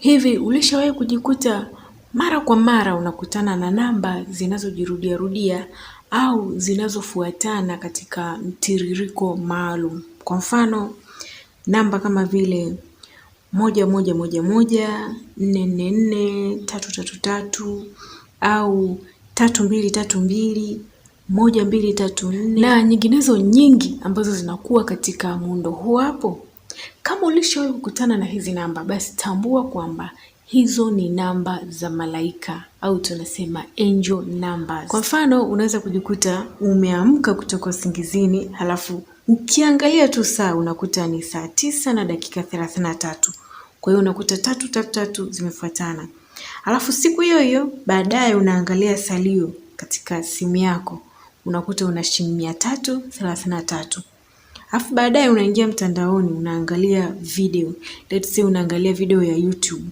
Hivi ulishawahi kujikuta mara kwa mara unakutana na namba zinazojirudia rudia au zinazofuatana katika mtiririko maalum? Kwa mfano, namba kama vile moja moja moja moja, nne nne nne, tatu tatu tatu au tatu mbili tatu mbili, moja mbili tatu nne na nyinginezo nyingi ambazo zinakuwa katika muundo huu hapo. Kama ulishawahi kukutana na hizi namba, basi tambua kwamba hizo ni namba za malaika au tunasema angel numbers. Kwa mfano, unaweza kujikuta umeamka kutoka usingizini, halafu ukiangalia tu saa unakuta ni saa tisa na dakika thelathini na tatu. Kwa hiyo unakuta tatu tatu tatu zimefuatana, halafu siku hiyo hiyo baadaye unaangalia salio katika simu yako unakuta una shilingi mia tatu thelathini na tatu. Alafu baadaye unaingia mtandaoni unaangalia video. Let's say unaangalia video ya YouTube.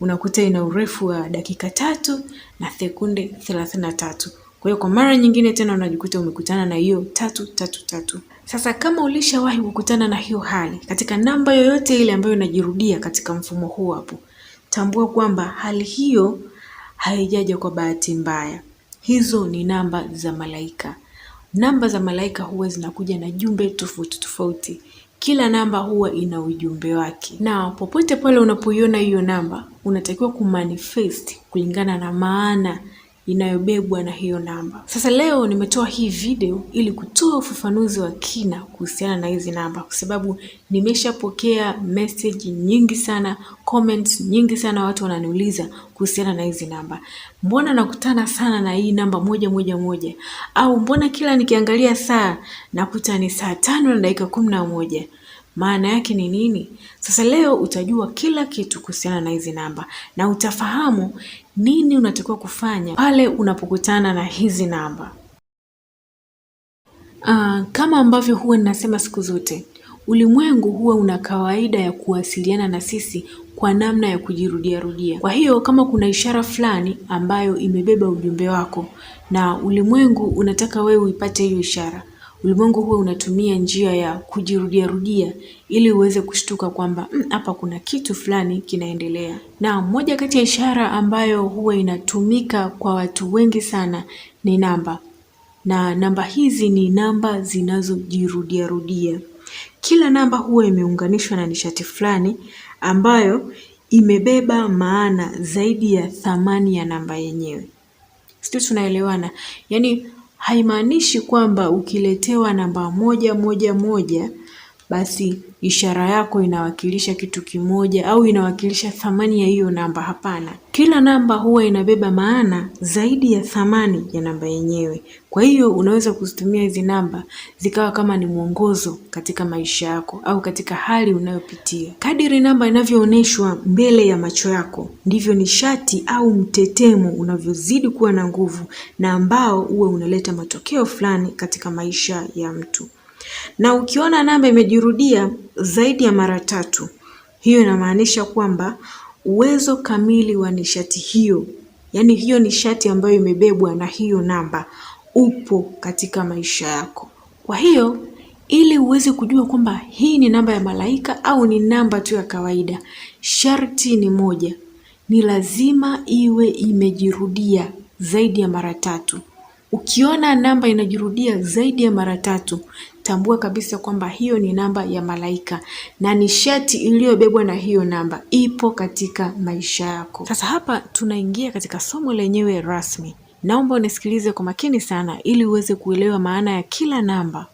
Unakuta ina urefu wa dakika tatu na sekunde thelathini na tatu. Kwa hiyo kwa mara nyingine tena unajikuta umekutana na hiyo tatu tatu tatu. Sasa kama ulishawahi kukutana na hiyo hali katika namba yoyote ile ambayo inajirudia katika mfumo huu hapo, tambua kwamba hali hiyo haijaja kwa bahati mbaya. Hizo ni namba za malaika. Namba za malaika huwa zinakuja na jumbe tofauti tofauti, kila namba huwa ina ujumbe wake, na popote pale unapoiona hiyo namba unatakiwa kumanifest kulingana na maana inayobebwa na hiyo namba. Sasa leo nimetoa hii video ili kutoa ufafanuzi wa kina kuhusiana na hizi namba, kwa sababu nimeshapokea message nyingi sana, comments nyingi sana, watu wananiuliza kuhusiana na hizi namba, mbona nakutana sana na hii namba moja moja moja, au mbona kila nikiangalia saa nakuta ni saa tano na dakika kumi na moja maana yake ni nini? Sasa leo utajua kila kitu kuhusiana na hizi namba na utafahamu nini unatakiwa kufanya pale unapokutana na hizi namba? Uh, kama ambavyo huwa ninasema siku zote, ulimwengu huwa una kawaida ya kuwasiliana na sisi kwa namna ya kujirudia rudia. Kwa hiyo kama kuna ishara fulani ambayo imebeba ujumbe wako na ulimwengu unataka wewe uipate hiyo ishara, Ulimwengu huo unatumia njia ya kujirudiarudia ili uweze kushtuka kwamba mm, hapa mm, kuna kitu fulani kinaendelea. Na moja kati ya ishara ambayo huwa inatumika kwa watu wengi sana ni namba, na namba hizi ni namba zinazojirudiarudia. Kila namba huwa imeunganishwa na nishati fulani ambayo imebeba maana zaidi ya thamani ya namba yenyewe. Sijui tunaelewana? Yaani haimaanishi kwamba ukiletewa namba moja moja moja basi ishara yako inawakilisha kitu kimoja au inawakilisha thamani ya hiyo namba. Hapana, kila namba huwa inabeba maana zaidi ya thamani ya namba yenyewe. Kwa hiyo unaweza kuzitumia hizi namba zikawa kama ni mwongozo katika maisha yako au katika hali unayopitia. Kadiri namba inavyoonyeshwa mbele ya macho yako, ndivyo nishati au mtetemo unavyozidi kuwa na nguvu na ambao uwe unaleta matokeo fulani katika maisha ya mtu na ukiona namba imejirudia zaidi ya mara tatu, hiyo inamaanisha kwamba uwezo kamili wa nishati hiyo, yaani hiyo nishati ambayo imebebwa na hiyo namba, upo katika maisha yako. Kwa hiyo ili uweze kujua kwamba hii ni namba ya malaika au ni namba tu ya kawaida, sharti ni moja, ni lazima iwe imejirudia zaidi ya mara tatu. Ukiona namba inajirudia zaidi ya mara tatu, tambua kabisa kwamba hiyo ni namba ya malaika na nishati iliyobebwa na hiyo namba ipo katika maisha yako. Sasa hapa tunaingia katika somo lenyewe rasmi. Naomba unisikilize kwa makini sana ili uweze kuelewa maana ya kila namba.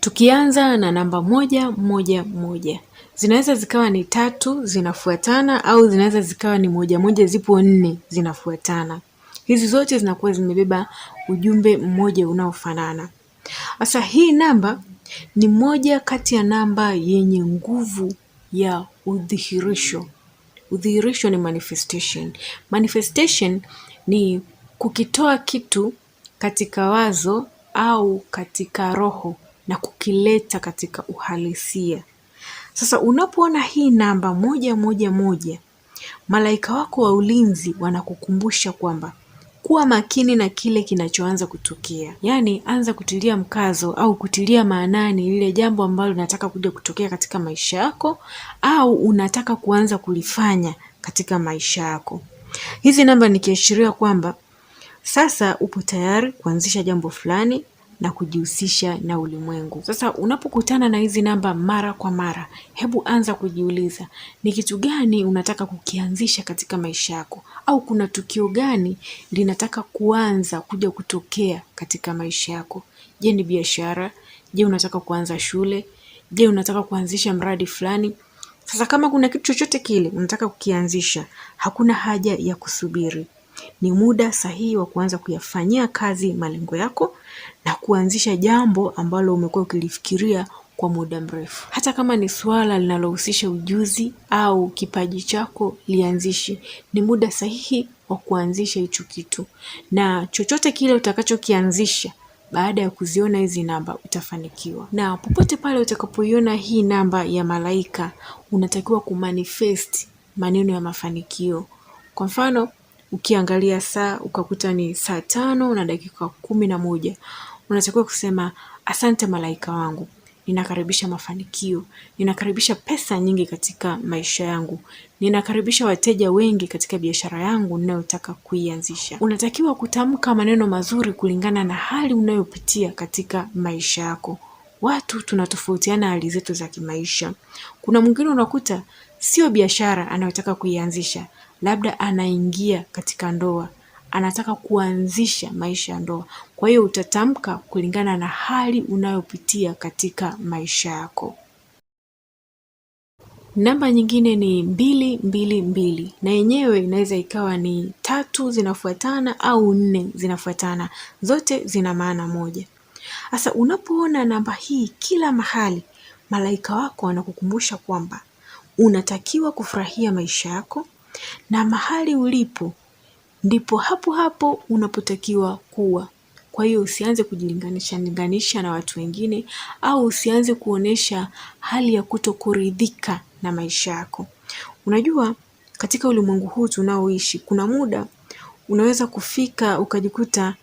Tukianza na namba moja moja moja, zinaweza zikawa ni tatu zinafuatana au zinaweza zikawa ni moja moja, zipo nne zinafuatana. Hizi zote zinakuwa zimebeba ujumbe mmoja unaofanana. Sasa hii namba ni moja kati ya namba yenye nguvu ya udhihirisho. Udhihirisho ni manifestation. Manifestation ni kukitoa kitu katika wazo au katika roho na kukileta katika uhalisia. Sasa unapoona hii namba moja moja moja, malaika wako wa ulinzi wanakukumbusha kwamba kuwa makini na kile kinachoanza kutokea, yaani anza kutilia mkazo au kutilia maanani lile jambo ambalo unataka kuja kutokea katika maisha yako au unataka kuanza kulifanya katika maisha yako. Hizi namba ni kiashiria kwamba sasa upo tayari kuanzisha jambo fulani na kujihusisha na ulimwengu. Sasa unapokutana na hizi namba mara kwa mara, hebu anza kujiuliza ni kitu gani unataka kukianzisha katika maisha yako, au kuna tukio gani linataka kuanza kuja kutokea katika maisha yako? Je, ni biashara? Je, unataka kuanza shule? Je, unataka kuanzisha mradi fulani? Sasa kama kuna kitu chochote kile unataka kukianzisha, hakuna haja ya kusubiri. Ni muda sahihi wa kuanza kuyafanyia kazi malengo yako na kuanzisha jambo ambalo umekuwa ukilifikiria kwa muda mrefu. Hata kama ni suala linalohusisha ujuzi au kipaji chako, lianzishi Ni muda sahihi wa kuanzisha hicho kitu, na chochote kile utakachokianzisha baada ya kuziona hizi namba utafanikiwa. Na popote pale utakapoiona hii namba ya malaika, unatakiwa kumanifest maneno ya mafanikio. Kwa mfano ukiangalia saa ukakuta ni saa tano na dakika kumi na moja unatakiwa kusema asante malaika wangu, ninakaribisha mafanikio, ninakaribisha pesa nyingi katika maisha yangu, ninakaribisha wateja wengi katika biashara yangu ninayotaka kuianzisha. Unatakiwa kutamka maneno mazuri kulingana na hali unayopitia katika maisha yako. Watu tunatofautiana hali zetu za kimaisha. Kuna mwingine unakuta sio biashara anayotaka kuianzisha, labda anaingia katika ndoa, anataka kuanzisha maisha ya ndoa. Kwa hiyo utatamka kulingana na hali unayopitia katika maisha yako. Namba nyingine ni mbili mbili mbili, na yenyewe inaweza ikawa ni tatu zinafuatana au nne zinafuatana, zote zina maana moja. Sasa unapoona namba hii kila mahali, malaika wako wanakukumbusha kwamba unatakiwa kufurahia maisha yako, na mahali ulipo ndipo hapo hapo unapotakiwa kuwa. Kwa hiyo usianze kujilinganisha linganisha na watu wengine au usianze kuonesha hali ya kutokuridhika na maisha yako. Unajua, katika ulimwengu huu tunaoishi, kuna muda unaweza kufika ukajikuta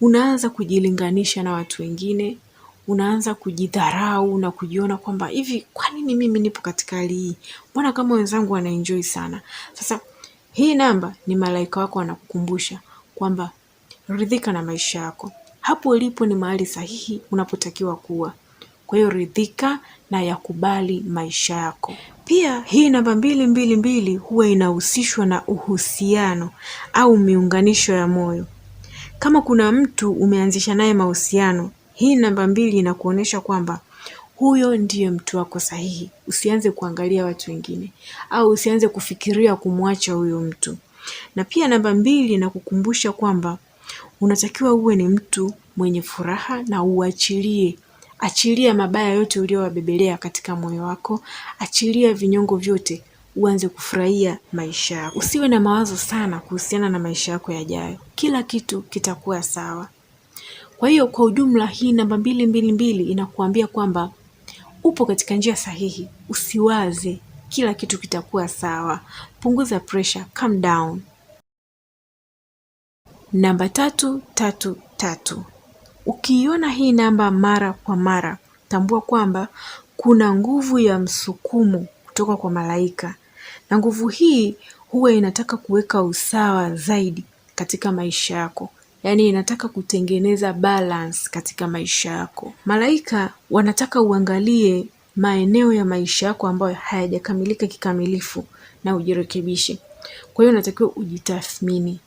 unaanza kujilinganisha na watu wengine, unaanza kujidharau na kujiona kwamba hivi, kwa nini mimi nipo katika hali hii? Mbona kama wenzangu wanaenjoy sana? Sasa hii namba ni malaika wako wanakukumbusha kwamba ridhika na maisha yako, hapo ulipo ni mahali sahihi unapotakiwa kuwa. Kwa hiyo ridhika na yakubali maisha yako. Pia hii namba mbili mbili mbili huwa inahusishwa na uhusiano au miunganisho ya moyo. Kama kuna mtu umeanzisha naye mahusiano, hii namba mbili inakuonyesha kwamba huyo ndiye mtu wako sahihi. Usianze kuangalia watu wengine au usianze kufikiria kumwacha huyo mtu. Na pia namba mbili inakukumbusha kwamba unatakiwa uwe ni mtu mwenye furaha na uachilie achilia mabaya yote uliyowabebelea katika moyo wako, achilia vinyongo vyote, uanze kufurahia maisha yako. Usiwe na mawazo sana kuhusiana na maisha yako yajayo, kila kitu kitakuwa sawa. Kwa hiyo kwa ujumla hii namba mbili mbili mbili inakuambia kwamba upo katika njia sahihi, usiwaze, kila kitu kitakuwa sawa. Punguza pressure, calm down. Namba tatu tatu tatu, ukiiona hii namba mara kwa mara, tambua kwamba kuna nguvu ya msukumo kutoka kwa malaika, na nguvu hii huwa inataka kuweka usawa zaidi katika maisha yako yani inataka kutengeneza balance katika maisha yako. Malaika wanataka uangalie maeneo ya maisha yako ambayo hayajakamilika kikamilifu na ujirekebishe. Kwa hiyo unatakiwa ujitathmini,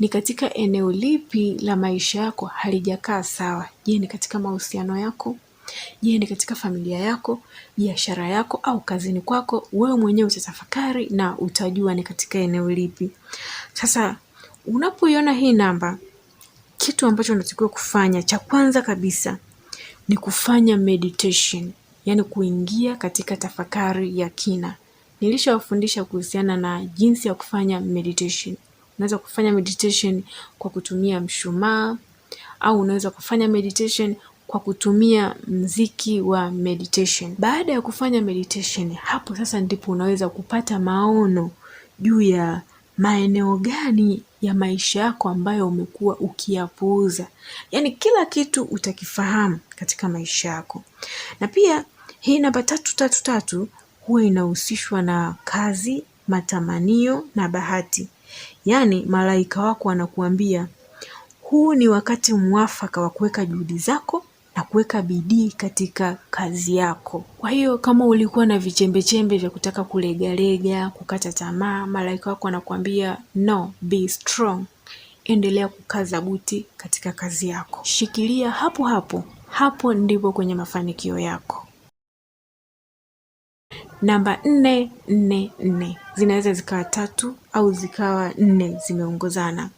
ni katika eneo lipi la maisha yako halijakaa sawa? Je, ni katika mahusiano yako? Je, ni katika familia yako, biashara yako, au kazini kwako? Wewe mwenyewe utatafakari na utajua ni katika eneo lipi. Sasa unapoiona hii namba kitu ambacho unatakiwa kufanya cha kwanza kabisa ni kufanya meditation, yaani kuingia katika tafakari ya kina. Nilishawafundisha kuhusiana na jinsi ya kufanya meditation. Unaweza kufanya meditation kwa kutumia mshumaa au unaweza kufanya meditation kwa kutumia mziki wa meditation. Baada ya kufanya meditation, hapo sasa ndipo unaweza kupata maono juu ya maeneo gani ya maisha yako ambayo umekuwa ukiyapuuza. Yaani kila kitu utakifahamu katika maisha yako. Na pia hii namba tatu tatu tatu huwa inahusishwa na kazi, matamanio na bahati. Yaani malaika wako wanakuambia huu ni wakati mwafaka wa kuweka juhudi zako na kuweka bidii katika kazi yako. Kwa hiyo kama ulikuwa na vichembechembe vya kutaka kulegalega, kukata tamaa, malaika wako anakuambia no, be strong, endelea kukaza buti katika kazi yako, shikilia hapo hapo. Hapo ndipo kwenye mafanikio yako. Namba nne nne nne zinaweza zikawa tatu au zikawa nne zimeongozana.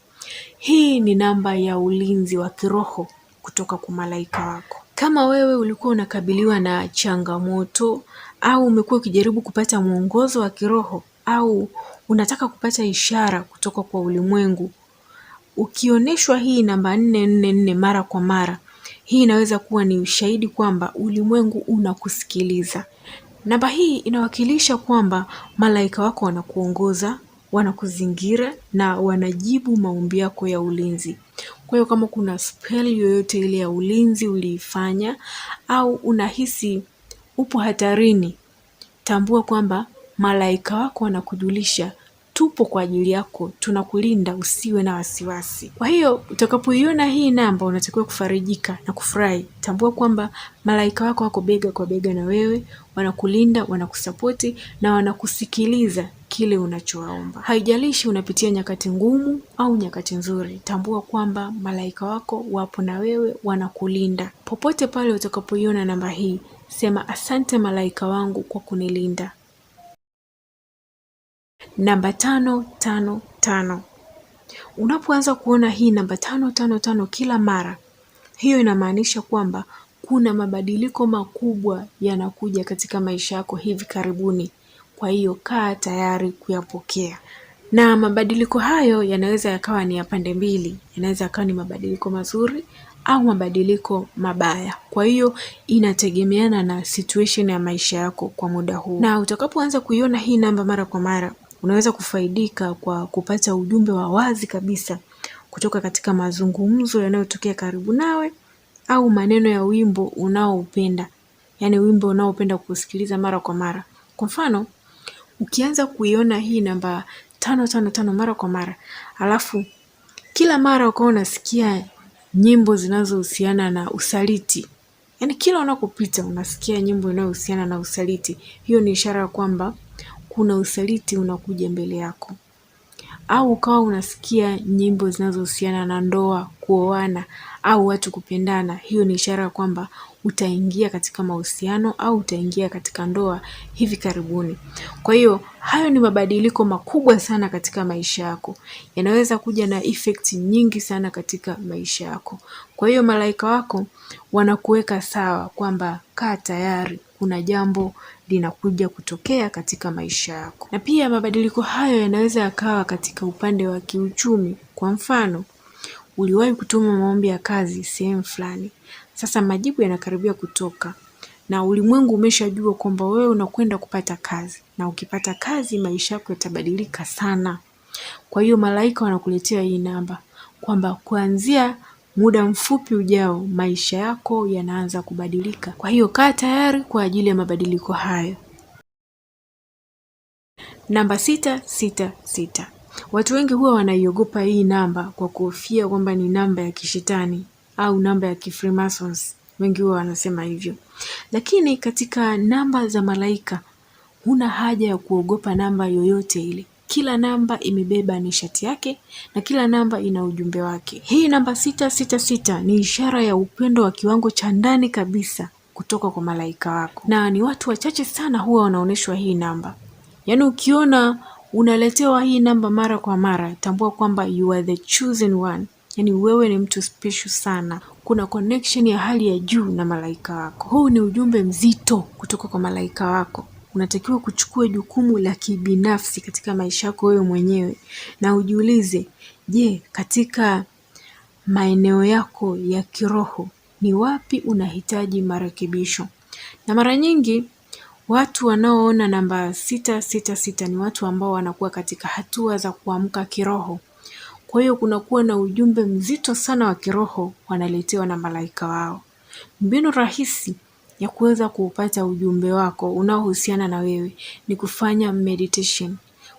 Hii ni namba ya ulinzi wa kiroho kutoka kwa malaika wako. Kama wewe ulikuwa unakabiliwa na changamoto au umekuwa ukijaribu kupata mwongozo wa kiroho au unataka kupata ishara kutoka kwa ulimwengu, ukionyeshwa hii namba nne nne nne mara kwa mara, hii inaweza kuwa ni ushahidi kwamba ulimwengu unakusikiliza. Namba hii inawakilisha kwamba malaika wako wanakuongoza wanakuzingira na wanajibu maombi yako ya ulinzi. Kwa hiyo kama kuna spell yoyote ile ya ulinzi uliifanya au unahisi upo hatarini, tambua kwamba malaika wako wanakujulisha tupo kwa ajili yako, tunakulinda, usiwe na wasiwasi. Kwa hiyo utakapoiona hii namba, unatakiwa kufarijika na kufurahi. Tambua kwamba malaika wako wako bega kwa bega na wewe, wanakulinda, wanakusapoti na wanakusikiliza kile unachowaomba. Haijalishi unapitia nyakati ngumu au nyakati nzuri, tambua kwamba malaika wako wapo na wewe, wanakulinda. Popote pale utakapoiona namba hii, sema asante malaika wangu kwa kunilinda namba tano tano tano. Unapoanza kuona hii namba tano tano tano kila mara, hiyo inamaanisha kwamba kuna mabadiliko makubwa yanakuja katika maisha yako hivi karibuni. Kwa hiyo kaa tayari kuyapokea, na mabadiliko hayo yanaweza yakawa ni ya pande mbili, yanaweza yakawa ni mabadiliko mazuri au mabadiliko mabaya. Kwa hiyo inategemeana na situation ya maisha yako kwa muda huu, na utakapoanza kuiona hii namba mara kwa mara, unaweza kufaidika kwa kupata ujumbe wa wazi kabisa kutoka katika mazungumzo yanayotokea karibu nawe au maneno ya wimbo unaoupenda, yaani wimbo unaopenda kusikiliza mara kwa mara. Kwa mfano, ukianza kuiona hii namba tano tano tano mara kwa mara alafu kila mara ukawa unasikia nyimbo zinazohusiana na usaliti, yaani kila unakopita unasikia nyimbo inayohusiana na usaliti, hiyo ni ishara ya kwamba kuna usaliti unakuja mbele yako. Au ukawa unasikia nyimbo zinazohusiana na ndoa, kuoana au watu kupendana, hiyo ni ishara kwamba utaingia katika mahusiano au utaingia katika ndoa hivi karibuni. Kwa hiyo hayo ni mabadiliko makubwa sana katika maisha yako, yanaweza kuja na effect nyingi sana katika maisha yako. Kwa hiyo malaika wako wanakuweka sawa kwamba kaa tayari, kuna jambo linakuja kutokea katika maisha yako. Na pia mabadiliko hayo yanaweza yakawa katika upande wa kiuchumi. Kwa mfano, uliwahi kutuma maombi ya kazi sehemu fulani, sasa majibu yanakaribia kutoka na ulimwengu umeshajua kwamba wewe unakwenda kupata kazi, na ukipata kazi maisha yako yatabadilika sana. Kwa hiyo malaika wanakuletea hii namba kwamba kuanzia muda mfupi ujao maisha yako yanaanza kubadilika. Kwa hiyo kaa tayari kwa ajili ya mabadiliko hayo. Namba sita sita sita. Watu wengi huwa wanaiogopa hii namba kwa kuhofia kwamba ni namba ya kishetani au namba ya kifreemasons, wengi huwa wanasema hivyo, lakini katika namba za malaika huna haja ya kuogopa namba yoyote ile. Kila namba imebeba nishati yake na kila namba ina ujumbe wake. Hii namba sita sita sita ni ishara ya upendo wa kiwango cha ndani kabisa kutoka kwa malaika wako, na ni watu wachache sana huwa wanaonyeshwa hii namba. Yaani ukiona unaletewa hii namba mara kwa mara, tambua kwamba you are the chosen one, yaani wewe ni mtu special sana. Kuna connection ya hali ya juu na malaika wako. Huu ni ujumbe mzito kutoka kwa malaika wako unatakiwa kuchukua jukumu la kibinafsi katika maisha yako wewe mwenyewe na ujiulize, je, katika maeneo yako ya kiroho ni wapi unahitaji marekebisho? Na mara nyingi watu wanaoona namba sita sita sita ni watu ambao wanakuwa katika hatua za kuamka kiroho. Kwa hiyo kunakuwa na ujumbe mzito sana wa kiroho wanaletewa na malaika wao. Mbinu rahisi ya kuweza kuupata ujumbe wako unaohusiana na wewe ni kufanya meditation,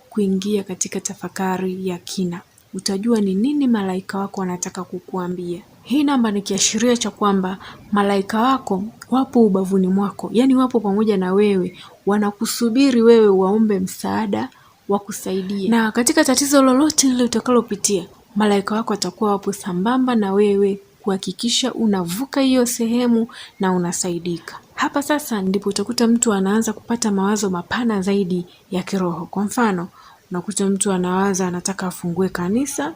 kuingia katika tafakari ya kina. Utajua ni nini malaika wako wanataka kukuambia. Hii namba ni kiashiria cha kwamba malaika wako wapo ubavuni mwako, yaani wapo pamoja na wewe, wanakusubiri wewe waombe msaada wa kusaidia Na katika tatizo lolote lile utakalopitia, malaika wako watakuwa wapo sambamba na wewe kuhakikisha unavuka hiyo sehemu na unasaidika. Hapa sasa ndipo utakuta mtu anaanza kupata mawazo mapana zaidi ya kiroho. Kwa mfano, unakuta mtu anawaza anataka afungue kanisa,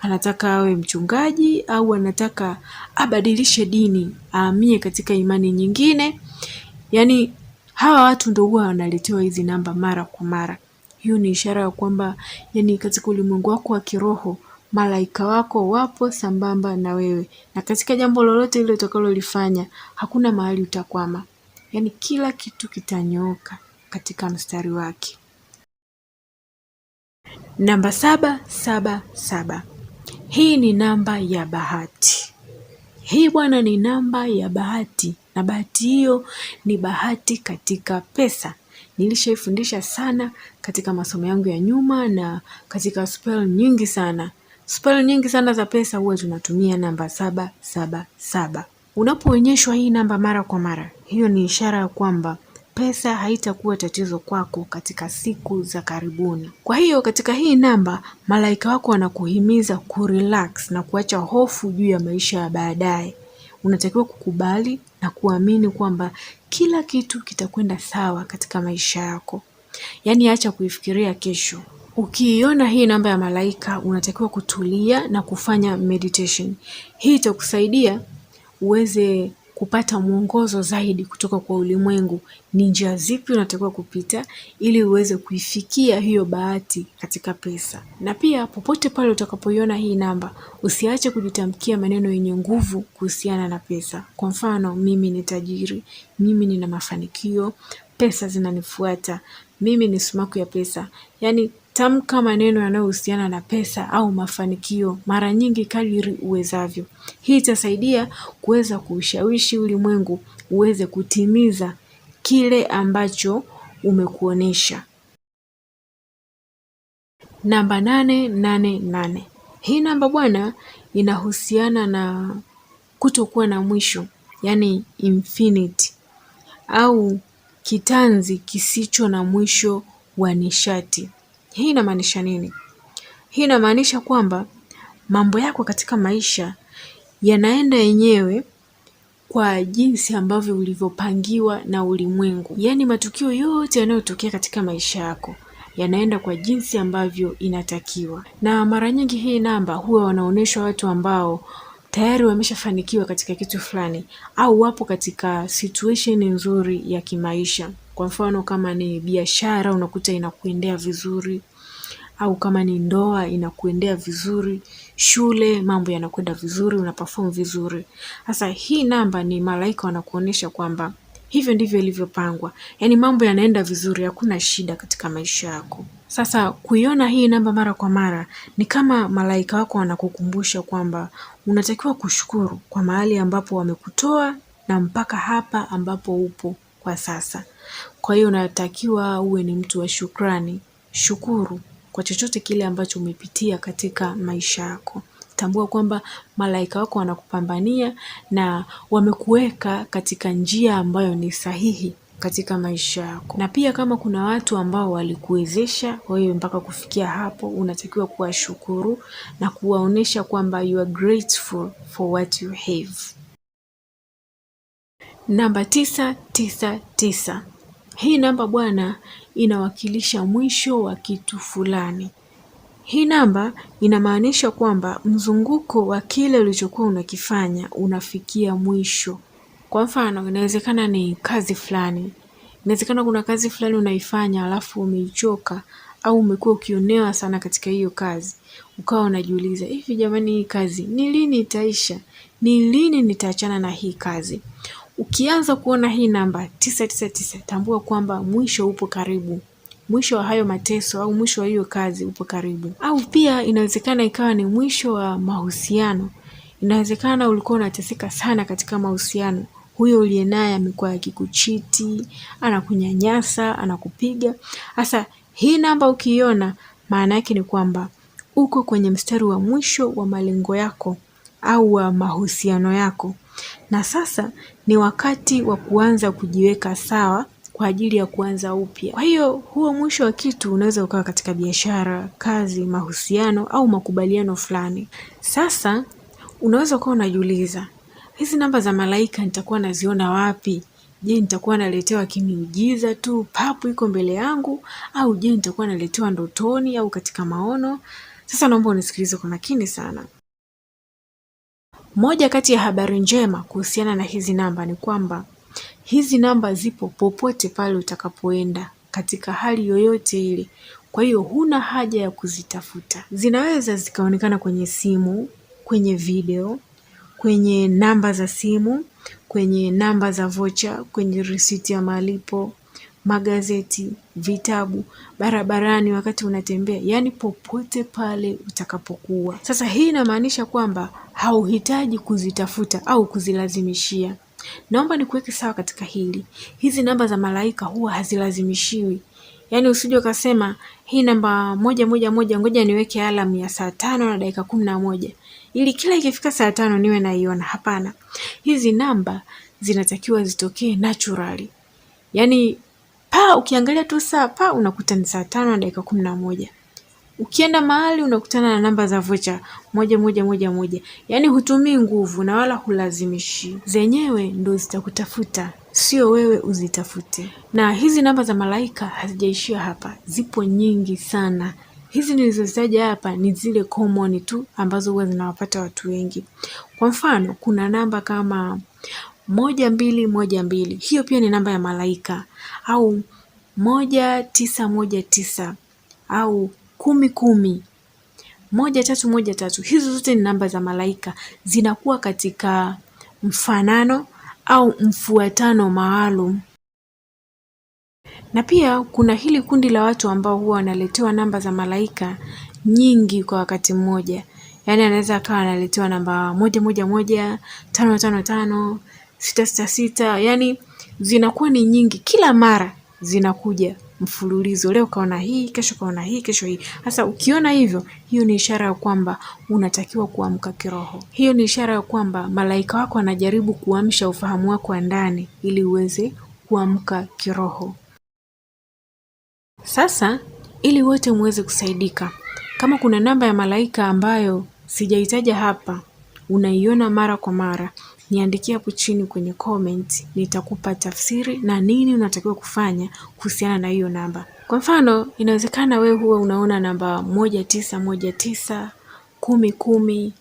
anataka awe mchungaji au anataka abadilishe dini, ahamie katika imani nyingine. Yaani hawa watu ndio huwa wanaletewa hizi namba mara kwa mara. Hiyo ni ishara ya kwamba yani, katika ulimwengu wako wa kiroho malaika wako wapo sambamba na wewe, na katika jambo lolote lile utakalolifanya hakuna mahali utakwama. Yaani kila kitu kitanyooka katika mstari wake. Namba saba saba saba, hii ni namba ya bahati. Hii bwana, ni namba ya bahati, na bahati hiyo ni bahati katika pesa. Nilishaifundisha sana katika masomo yangu ya nyuma na katika spell nyingi sana. Spell nyingi sana za pesa huwa zinatumia namba saba saba saba. Unapoonyeshwa hii namba mara kwa mara, hiyo ni ishara ya kwamba pesa haitakuwa tatizo kwako katika siku za karibuni. Kwa hiyo katika hii namba malaika wako wanakuhimiza kurelax na kuacha hofu juu ya maisha ya baadaye. Unatakiwa kukubali na kuamini kwamba kila kitu kitakwenda sawa katika maisha yako. Yaani acha kuifikiria kesho. Ukiiona hii namba ya malaika unatakiwa kutulia na kufanya meditation. Hii itakusaidia uweze kupata mwongozo zaidi kutoka kwa ulimwengu, ni njia zipi unatakiwa kupita ili uweze kuifikia hiyo bahati katika pesa. Na pia popote pale utakapoiona hii namba, usiache kujitamkia maneno yenye nguvu kuhusiana na pesa. Kwa mfano, mimi ni tajiri, mimi nina mafanikio, pesa zinanifuata, mimi ni sumaku ya pesa. Yaani Tamka maneno yanayohusiana na pesa au mafanikio mara nyingi kadiri uwezavyo. Hii itasaidia kuweza kuushawishi ulimwengu uweze kutimiza kile ambacho umekuonesha. Namba nane nane nane. Hii namba bwana inahusiana na kutokuwa na mwisho, yani infinity au kitanzi kisicho na mwisho wa nishati. Hii inamaanisha nini? Hii inamaanisha kwamba mambo yako katika maisha yanaenda yenyewe kwa jinsi ambavyo ulivyopangiwa na ulimwengu. Yaani matukio yote yanayotokea katika maisha yako yanaenda kwa jinsi ambavyo inatakiwa, na mara nyingi hii namba huwa wanaonyeshwa watu ambao tayari wameshafanikiwa katika kitu fulani au wapo katika situation nzuri ya kimaisha. Kwa mfano kama ni biashara unakuta inakuendea vizuri au kama ni ndoa inakuendea vizuri, shule mambo yanakwenda vizuri, unaperform vizuri. Sasa hii namba ni malaika wanakuonyesha kwamba hivyo ndivyo ilivyopangwa, yaani mambo yanaenda vizuri, hakuna shida katika maisha yako. Sasa kuiona hii namba mara kwa mara ni kama malaika wako wanakukumbusha kwamba unatakiwa kushukuru kwa mahali ambapo wamekutoa na mpaka hapa ambapo upo kwa sasa. Kwa hiyo unatakiwa uwe ni mtu wa shukrani. Shukuru kwa chochote kile ambacho umepitia katika maisha yako. Tambua kwamba malaika wako wanakupambania na wamekuweka katika njia ambayo ni sahihi katika maisha yako. Na pia kama kuna watu ambao walikuwezesha wewe mpaka kufikia hapo, unatakiwa kuwashukuru na kuwaonesha kwamba you are grateful for what you have namba tisa tisa tisa. Hii namba bwana, inawakilisha mwisho wa kitu fulani. Hii namba inamaanisha kwamba mzunguko wa kile ulichokuwa unakifanya unafikia mwisho. Kwa mfano, inawezekana ni kazi fulani, inawezekana kuna kazi fulani unaifanya alafu umeichoka au umekuwa ukionewa sana katika hiyo kazi, ukawa unajiuliza hivi, jamani, hii kazi ni lini itaisha? Ni lini nitaachana na hii kazi? Ukianza kuona hii namba 999 tambua kwamba mwisho upo karibu mwisho wa hayo mateso au mwisho wa hiyo kazi upo karibu. Au pia inawezekana ikawa ni mwisho wa mahusiano. Inawezekana ulikuwa unateseka sana katika mahusiano, huyo uliye naye amekuwa akikuchiti, anakunyanyasa, anakupiga. Sasa hii namba ukiiona, maana yake ni kwamba uko kwenye mstari wa mwisho wa malengo yako au wa mahusiano yako, na sasa ni wakati wa kuanza kujiweka sawa kwa ajili ya kuanza upya. Kwa hiyo huo mwisho wa kitu unaweza ukawa katika biashara, kazi, mahusiano au makubaliano fulani. Sasa unaweza ukawa unajiuliza, hizi namba za malaika nitakuwa naziona wapi? Je, nitakuwa naletewa kimiujiza tu papu iko mbele yangu, au je nitakuwa naletewa ndotoni au katika maono? Sasa naomba unisikilize kwa makini sana. Moja kati ya habari njema kuhusiana na hizi namba ni kwamba hizi namba zipo popote pale utakapoenda katika hali yoyote ile, kwa hiyo huna haja ya kuzitafuta. Zinaweza zikaonekana kwenye simu, kwenye video, kwenye namba za simu, kwenye namba za vocha, kwenye risiti ya malipo magazeti, vitabu barabarani, wakati unatembea, yaani popote pale utakapokuwa. Sasa hii inamaanisha kwamba hauhitaji kuzitafuta au kuzilazimishia. Naomba nikuweke sawa katika hili, hizi namba za malaika huwa hazilazimishiwi. Yaani usije ukasema hii namba moja moja moja, ngoja niweke alarm ya saa tano na dakika kumi na moja ili kila ikifika saa tano niwe naiona. Hapana, hizi namba zinatakiwa zitokee naturally, yaani pa ukiangalia tu saa pa unakuta ni saa tano na dakika kumi na moja ukienda mahali unakutana na namba za vocha moja moja moja moja, yaani hutumii nguvu na wala hulazimishi, zenyewe ndo zitakutafuta, sio wewe uzitafute. Na hizi namba za malaika hazijaishia hapa, zipo nyingi sana. Hizi nilizozitaja hapa ni zile common tu ambazo huwa zinawapata watu wengi. Kwa mfano, kuna namba kama moja mbili moja mbili, hiyo pia ni namba ya malaika au moja tisa moja tisa au kumi kumi moja tatu moja tatu. Hizo zote ni namba za malaika, zinakuwa katika mfanano au mfuatano maalum. Na pia kuna hili kundi la watu ambao huwa wanaletewa namba za malaika nyingi kwa wakati mmoja, yaani anaweza akawa analetewa namba moja moja moja tano tano tano sita sita sita, yaani zinakuwa ni nyingi, kila mara zinakuja mfululizo. Leo kaona hii, kesho kaona hii, kesho hii. hasa ukiona hivyo, hiyo ni ishara ya kwamba unatakiwa kuamka kiroho. Hiyo ni ishara ya kwamba malaika wako anajaribu kuamsha ufahamu wako wa ndani ili uweze kuamka kiroho. Sasa ili wote muweze kusaidika, kama kuna namba ya malaika ambayo sijaitaja hapa, unaiona mara kwa mara, Niandikie hapo chini kwenye comment, nitakupa tafsiri na nini unatakiwa kufanya kuhusiana na hiyo namba. Kwa mfano, inawezekana wewe huwa unaona namba moja tisa moja tisa kumi kumi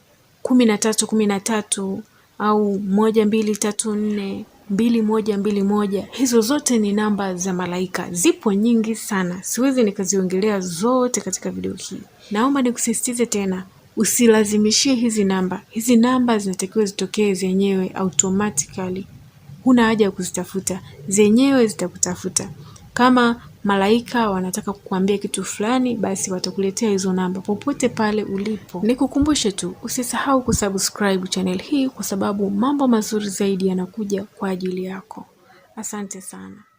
kumi na tatu kumi na tatu au moja mbili tatu nne mbili moja mbili moja. Hizo zote ni namba za malaika, zipo nyingi sana, siwezi nikaziongelea zote katika video hii. Naomba nikusisitize tena, usilazimishie hizi namba. Hizi namba zinatakiwa zitokee zenyewe automatically, huna haja ya kuzitafuta, zenyewe zitakutafuta. Kama malaika wanataka kukuambia kitu fulani, basi watakuletea hizo namba popote pale ulipo. Nikukumbushe tu usisahau kusubscribe channel hii, kwa sababu mambo mazuri zaidi yanakuja kwa ajili yako. Asante sana.